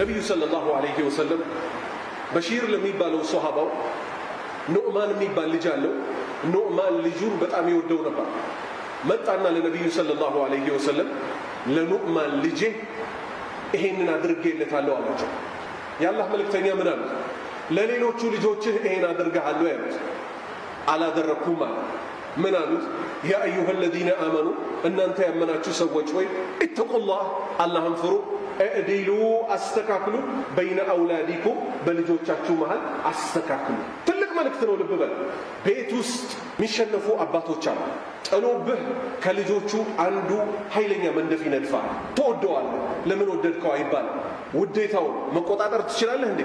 ነቢዩ ሰለላሁ ዐለይሂ ወሰለም በሺር ለሚባለው ሶሃባው ኖዕማን የሚባል ልጅ አለው። ኖዕማን ልጁን በጣም ይወደው ነበር። መጣና ለነቢዩ ሰለላሁ ዐለይሂ ወሰለም ለኖዕማን ልጄ ይሄንን አድርጌለታለሁ አላቸው። የአላህ መልእክተኛ ምን አሉት? ለሌሎቹ ልጆችህ ይሄን አድርገሃለሁ ያሉት። አላደረግኩም አለ። ምን አሉት? ያ አዩሃ ለዚነ አመኑ እናንተ ያመናችሁ ሰዎች ወይ እትቁላህ አላህን ፍሩ። እዕዲሉ አስተካክሉ፣ በይነ አውላዲኩም በልጆቻችሁ መሃል አስተካክሉ። ትልቅ መልእክት ነው። ልብ በል ቤት ውስጥ የሚሸነፉ አባቶች አሉ። ጥሎብህ ከልጆቹ አንዱ ኃይለኛ መንደፍ ይነድፋል። ተወደዋል ለምን ወደድከው አይባልም። ውዴታውን መቆጣጠር ትችላለህ እንዴ?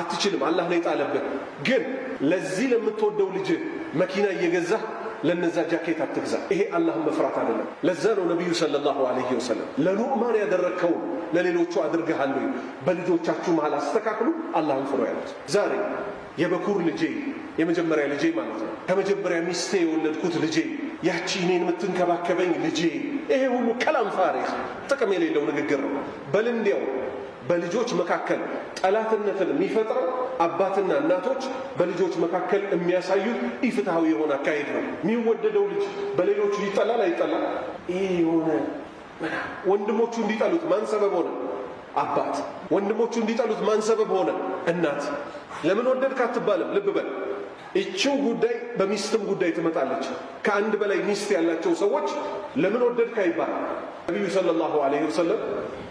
አትችልም። አላህ ነው የጣለብህ። ግን ለዚህ ለምትወደው ልጅ መኪና እየገዛህ ለነዛ ጃኬት አትግዛ። ይሄ አላህን መፍራት አይደለም። ለዛ ነው ነቢዩ ሰለላሁ ዐለይሂ ወሰለም ለሉዕማን ያደረግከውን ለሌሎቹ አድርገሃል ወይ በልጆቻችሁ መሃል አስተካክሉ፣ አላህን ፍሩ ያሉት። ዛሬ የበኩር ልጄ የመጀመሪያ ልጄ ማለት ነው ከመጀመሪያ ሚስቴ የወለድኩት ልጄ ያቺ እኔን የምትንከባከበኝ ልጄ፣ ይሄ ሁሉ ከላም ፋሪክ ጥቅም የሌለው ንግግር ነው። በልንዲያው በልጆች መካከል ጠላትነትን የሚፈጥረው አባትና እናቶች በልጆች መካከል የሚያሳዩት ኢፍትሐዊ የሆነ አካሄድ ነው። የሚወደደው ልጅ በሌሎቹ ይጠላል አይጠላል? ይህ የሆነ ወንድሞቹ እንዲጠሉት ማን ሰበብ ሆነ? አባት። ወንድሞቹ እንዲጠሉት ማን ሰበብ ሆነ? እናት። ለምን ወደድክ አትባልም። ልብ በል። ይቺው ጉዳይ በሚስትም ጉዳይ ትመጣለች። ከአንድ በላይ ሚስት ያላቸው ሰዎች ለምን ወደድክ አይባልም። ነቢዩ ሰለላሁ ዐለይሂ ወሰለም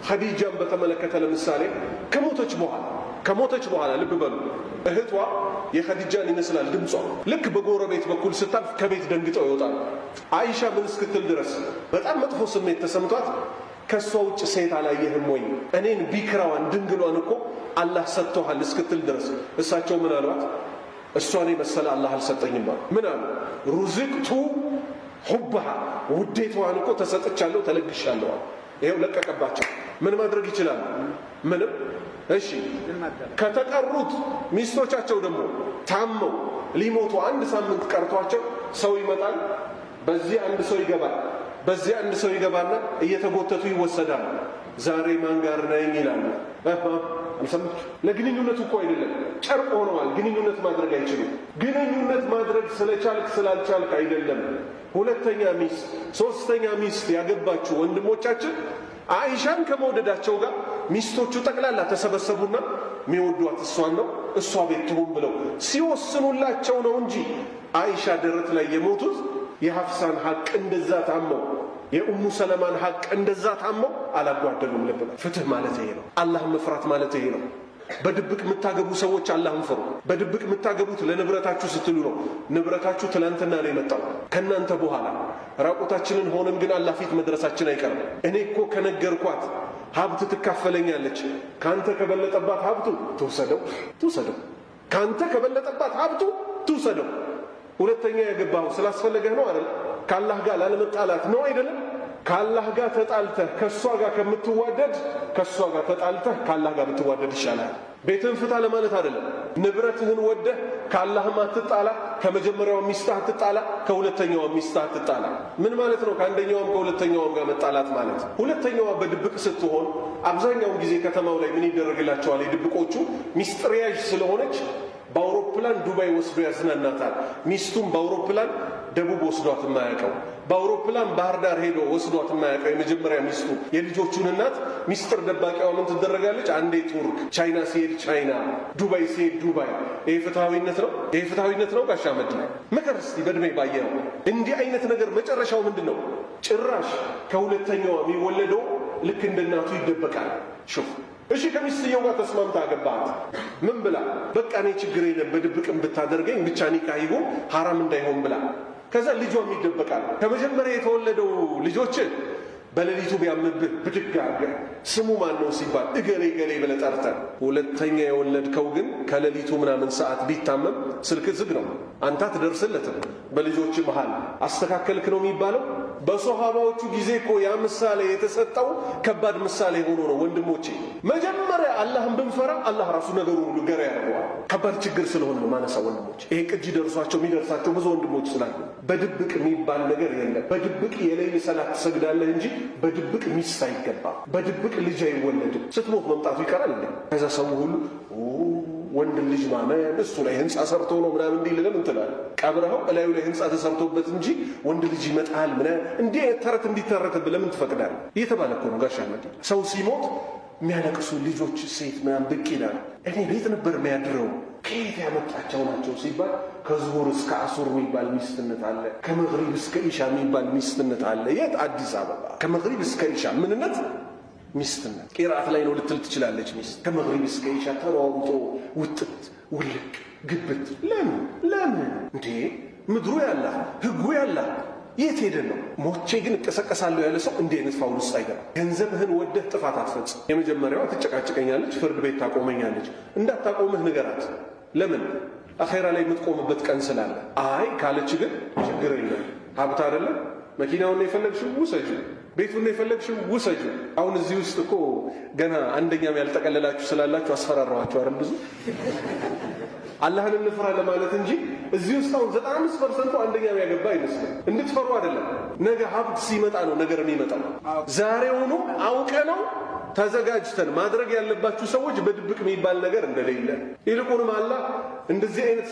ኸዲጃን በተመለከተ ለምሳሌ ከሞተች በኋላ ከሞተች በኋላ ልብ በሉ እህቷ የኸዲጃን ይመስላል ድምጿ። ልክ በጎረቤት በኩል ስታልፍ ከቤት ደንግጠው ይወጣል። አይሻ ምን እስክትል ድረስ በጣም መጥፎ ስሜት ተሰምቷት ከእሷ ውጭ ሴት አላየህም ወይ? እኔን ቢክራዋን ድንግሏን እኮ አላህ ሰጥቶሃል እስክትል ድረስ እሳቸው ምን አሏት? እሷን የመሰለ አላህ አልሰጠኝም አሉ። ምን አሉ? ሩዝቅቱ ሁብሃ ውዴቷን እኮ ተሰጥቻለሁ ተለግሻለሁ አሉ። ይሄው ለቀቀባቸው። ምን ማድረግ ይችላል? ምንም። እሺ ከተቀሩት ሚስቶቻቸው ደግሞ ታመው ሊሞቱ አንድ ሳምንት ቀርቷቸው ሰው ይመጣል። በዚህ አንድ ሰው ይገባል፣ በዚህ አንድ ሰው ይገባና እየተጎተቱ ይወሰዳል። ዛሬ ማን ጋር ነኝ ይላሉ። አልሰማችሁ? ለግንኙነት እኮ አይደለም ጨርቅ ሆነዋል። ግንኙነት ማድረግ አይችሉም። ግንኙነት ማድረግ ስለቻልክ ስላልቻልክ አይደለም። ሁለተኛ ሚስት፣ ሶስተኛ ሚስት ያገባችሁ ወንድሞቻችን አይሻን ከመውደዳቸው ጋር ሚስቶቹ ጠቅላላ ተሰበሰቡና የሚወዷት እሷን ነው እሷ ቤት ትሁን ብለው ሲወስኑላቸው ነው እንጂ አይሻ ደረት ላይ የሞቱት የሀፍሳን ሀቅ እንደዛ ታመው የኡሙ ሰለማን ሀቅ እንደዛ ታመው አላጓደሉም። ልብ ፍትህ ማለት ይሄ ነው። አላህን መፍራት ማለት ይሄ ነው። በድብቅ የምታገቡ ሰዎች አላህን ፍሩ። በድብቅ የምታገቡት ለንብረታችሁ ስትሉ ነው። ንብረታችሁ ትላንትና ነው የመጣው ከእናንተ በኋላ። ራቁታችንን ሆነን ግን አላህ ፊት መድረሳችን አይቀርም። እኔ እኮ ከነገርኳት ሀብት ትካፈለኛለች። ከአንተ ከበለጠባት ሀብቱ ትውሰደው ትውሰደው፣ ከአንተ ከበለጠባት ሀብቱ ትውሰደው። ሁለተኛ የገባው ስላስፈለገህ ነው አይደል? ከአላህ ጋር ላለመጣላት ነው አይደለም። ከአላህ ጋር ተጣልተህ ከእሷ ጋር ከምትዋደድ ከእሷ ጋር ተጣልተህ ከአላህ ጋር ብትዋደድ ይሻላል። ቤትህን ፍታ ለማለት አይደለም። ንብረትህን ወደህ ከአላህም አትጣላ፣ ከመጀመሪያዋ ሚስትህ አትጣላ፣ ከሁለተኛዋ ሚስትህ አትጣላ። ምን ማለት ነው? ከአንደኛዋም ከሁለተኛዋም ጋር መጣላት ማለት። ሁለተኛዋ በድብቅ ስትሆን አብዛኛውን ጊዜ ከተማው ላይ ምን ይደረግላቸዋል? የድብቆቹ ሚስጥር ያዥ ስለሆነች በአውሮፕላን ዱባይ ወስዶ ያዝናናታል። ሚስቱም በአውሮፕላን ደቡብ ወስዷት የማያውቀው በአውሮፕላን ባህር ዳር ሄዶ ወስዷት የማያውቀው የመጀመሪያ ሚስቱ የልጆቹን እናት ሚስጥር ደባቂዋ ምን ትደረጋለች? አንዴ ቱርክ፣ ቻይና ሲሄድ ቻይና፣ ዱባይ ሲሄድ ዱባይ። ይህ ፍትሐዊነት ነው? ይህ ፍትሐዊነት ነው? ጋሻ መድ ምከር እስቲ በእድሜ ባየነው እንዲህ አይነት ነገር መጨረሻው ምንድን ነው? ጭራሽ ከሁለተኛዋ የሚወለደው ልክ እንደ እናቱ ይደበቃል። ሹፍ እሺ ከሚስትየው ጋር ተስማምታ አገባት። ምን ብላ? በቃ እኔ ችግር የለም በድብቅም ብታደርገኝ ብቻ ኒካ ይሁን ሐራም እንዳይሆን ብላ ከዛ ልጇም ይደበቃል። ከመጀመሪያ የተወለደው ልጆች በሌሊቱ ቢያምብህ ብድግ አድርገህ ስሙ ማን ነው ሲባል እገሌ እገሌ ብለህ ጠርተህ፣ ሁለተኛ የወለድከው ግን ከሌሊቱ ምናምን ሰዓት ቢታመም ስልክ ዝግ ነው፣ አንተ አትደርስለትም። በልጆች መሃል አስተካከልክ ነው የሚባለው። በሶሃባዎቹ ጊዜ እኮ ያ ምሳሌ የተሰጠው ከባድ ምሳሌ ሆኖ ነው። ወንድሞቼ መጀመሪያ አላህን ብንፈራ አላህ ራሱ ነገሩ ሁሉ ገር ያደርገዋል። ከባድ ችግር ስለሆነ ነው ማነሳ ወንድሞች። ይሄ ቅጂ ደርሷቸው የሚደርሳቸው ብዙ ወንድሞች ስላሉ በድብቅ የሚባል ነገር የለም። በድብቅ የሌሊት ሰላት ትሰግዳለህ እንጂ በድብቅ ሚስት አይገባም። በድብቅ ልጅ አይወለድም። ስትሞት መምጣቱ ይቀራል። ከዛ ሰው ሁሉ ወንድ ልጅ ማመን እሱ ላይ ህንፃ ሰርቶ ነው ምናምን እንዲህ ልለን እንትላል። ቀብረኸው እላዩ ላይ ህንፃ ተሰርቶበት እንጂ ወንድ ልጅ ይመጣል ምናምን እንዲ ተረት እንዲተረትብህ ለምን ትፈቅዳል? እየተባለ እኮ ነው ጋሽ መጣ ሰው ሲሞት የሚያለቅሱ ልጆች ሴት ምናምን ብቅ ይላል። እኔ ቤት ነበር የሚያድረው ከየት ያመጣቸው ናቸው ሲባል ከዙሁር እስከ አሱር የሚባል ሚስትነት አለ። ከመግሪብ እስከ ኢሻ የሚባል ሚስትነት አለ። የት? አዲስ አበባ። ከመግሪብ እስከ ኢሻ ምንነት ሚስትነት ቂራት ላይ ነው ልትል ትችላለች። ሚስት ከመግሪብ እስከ ኢሻ ተሯሩጦ ውጥት ውልቅ ግብት። ለምን ለምን እንዴ? ምድሩ ያላ ህጉ ያላ የት ሄደ ነው? ሞቼ ግን እቀሰቀሳለሁ ያለ ሰው እንዲህ አይነት ፋውል ውስጥ አይገባ። ገንዘብህን ወደህ ጥፋት አትፈጽም። የመጀመሪያዋ ትጨቃጭቀኛለች፣ ፍርድ ቤት ታቆመኛለች። እንዳታቆምህ ንገራት። ለምን አኼራ ላይ የምትቆምበት ቀን ስላለ። አይ ካለች ግን ችግር የለም ሀብት አይደለም መኪናውን የፈለግሽው ውሰጂ ቤቱን የፈለግሽው ውሰጁ። አሁን እዚህ ውስጥ እኮ ገና አንደኛም ያልጠቀለላችሁ ስላላችሁ አስፈራራኋችሁ አይደል? ብዙ አላህን እንፍራ ለማለት እንጂ እዚህ ውስጥ አሁን ዘጠና አምስት ፐርሰንቱ አንደኛም ያገባ አይመስልም። እንድትፈሩ አይደለም። ነገ ሀብት ሲመጣ ነው ነገር የሚመጣው። ዛሬውኑ አውቀ ነው ተዘጋጅተን ማድረግ ያለባችሁ ሰዎች በድብቅ የሚባል ነገር እንደሌለ ይልቁንም አላህ እንደዚህ አይነት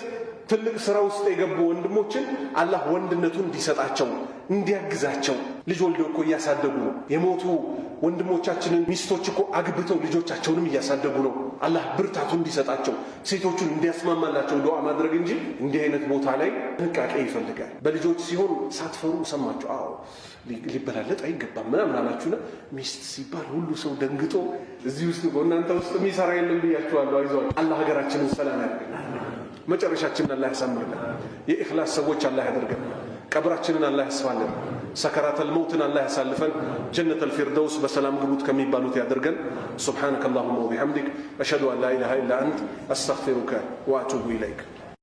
ትልቅ ስራ ውስጥ የገቡ ወንድሞችን አላህ ወንድነቱን እንዲሰጣቸው እንዲያግዛቸው ልጅ ወልደው እኮ እያሳደጉ ነው። የሞቱ ወንድሞቻችንን ሚስቶች እኮ አግብተው ልጆቻቸውንም እያሳደጉ ነው። አላህ ብርታቱ እንዲሰጣቸው ሴቶቹን እንዲያስማማላቸው ዱዓ ማድረግ እንጂ እንዲህ አይነት ቦታ ላይ ጥንቃቄ ይፈልጋል። በልጆች ሲሆን ሳትፈሩ ሰማችሁ። አዎ ሊበላለጥ አይገባም ምናምን አላችሁና ሚስት ሲባል ሁሉ ሰው ደንግጦ እዚህ ውስጥ እናንተ ውስጥ የሚሰራ የለም ብያችኋለሁ። አይዟችሁ። አላህ ሀገራችንን ሰላም ያደርግናል። መጨረሻችንን አላህ ያሳምርልን። የኢኽላስ ሰዎች አላህ ያደርገን። ቀብራችንን አላህ ያስፋልን። ሰከራተል መውትን አላህ ያሳልፈን። ጀነተል ፊርደውስ በሰላም ግቡት ከሚባሉት ያደርገን። ሱብሓነከ አላሁማ ወቢሐምዲክ አሽሀዱ አን ላ ኢላሃ ኢላ አንት አስተግፊሩከ ወአቱቡ ኢለይክ